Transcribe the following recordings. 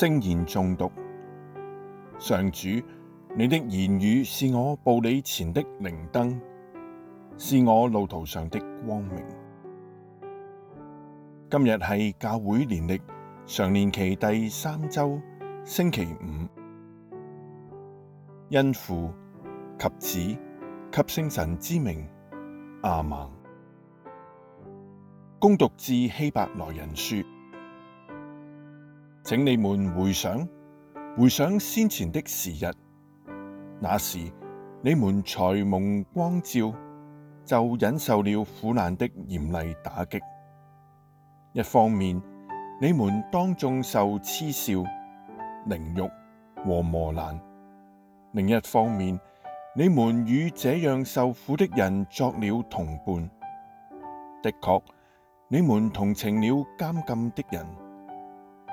聖言誦讀。上主，你的言語是我步你前的明燈，是我路途上的光明。今日係教會年曆常年期第三周星期五，因父及子及聖神之名，阿門。恭讀致希伯來人書。請你們回想回想先前的時日，那時你們才蒙光照，就忍受了苦難的嚴厲打擊。一方面，你們當眾受嗤笑、凌辱和磨難；另一方面，你們與這樣受苦的人作了同伴。的確，你們同情了監禁的人。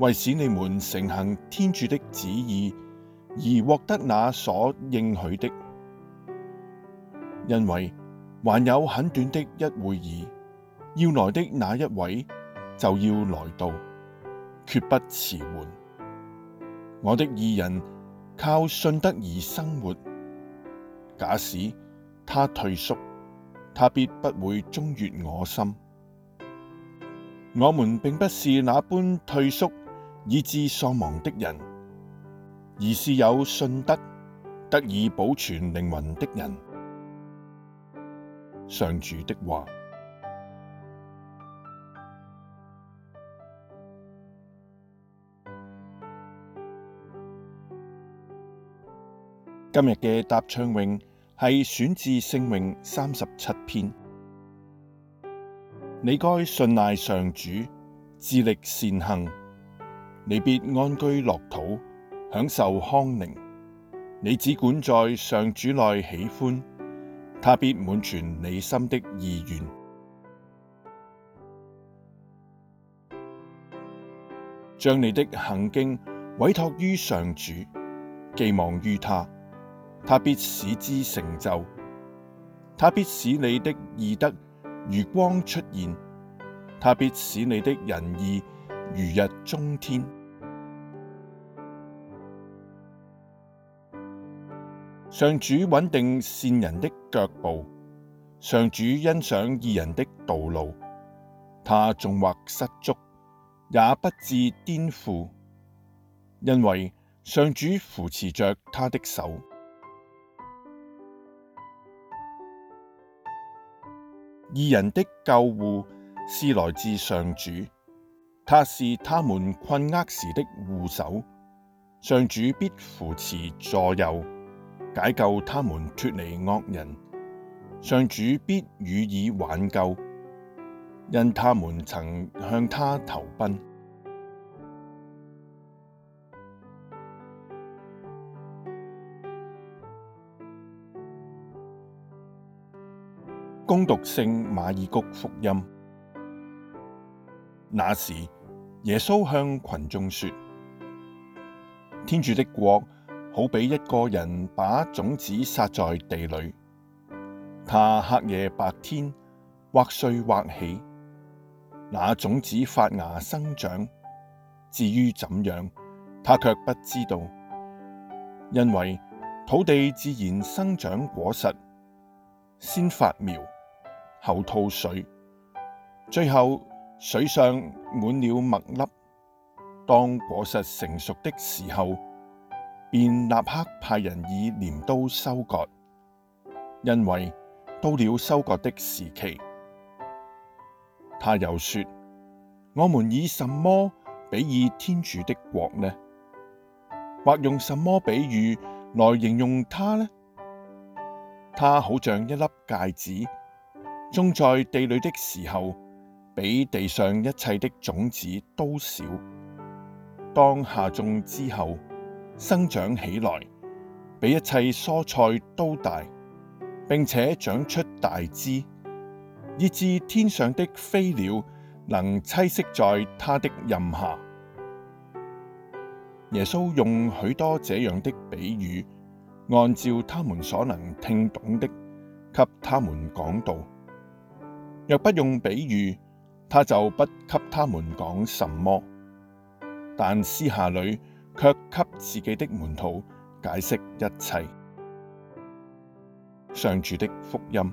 為使你們承行天主的旨意，而獲得那所應許的，因為還有很短的一會兒，要來的那一位就要來到，決不遲緩。我的義人靠信德而生活，假使他退縮，他必不會中悅我心。我們並不是那般退縮。以致喪亡的人，而是有信德得以保存靈魂的人。上主的話。今日嘅答唱詠係選自聖詠三十七篇。你該信賴上主，致力善行。你必安居樂土，享受康寧。你只管在上主內喜歡，他必滿全你心的意願。將你的行徑委託於上主，寄望於他，他必使之成就。他必使你的義德如光出現，他必使你的仁義如日中天。上主穩定善人的腳步，上主欣賞義人的道路。他縱或失足，也不致顛仆，因為上主扶持着他的手。義人的救護是來自上主，他是他們困厄時的護守。上主必扶持助佑。解救他們脫離惡人，上主必予以挽救，因他們曾向他投奔。恭讀聖馬爾谷福音。那時，耶穌向群眾說：天主的國。好比一個人把種子撒在地裏，他黑夜白天，或睡或起，那種子發芽生長，至於怎樣，他却不知道。因為土地自然生長果實先發苗，後吐穗，最後穗上滿了麥粒。當果實成熟的時候。便立刻派人以鐮刀收割，因為到了收割的時期。他又說：我們以什麼比擬天主的國呢？或用什麼比喻來形容他呢？他好像一粒芥子，種在地裏的時候，比地上一切的種子都小。當下種之後。生長起來，比一切蔬菜都大，並且長出大枝，以致天上的飛鳥能棲息在它的蔭下。耶穌用許多這樣的比喻，按照他們所能聽懂的，給他們講道。若不用比喻，他就不給他們講什麼。但私下裏。卻給自己的門徒解釋一切，上主的福音。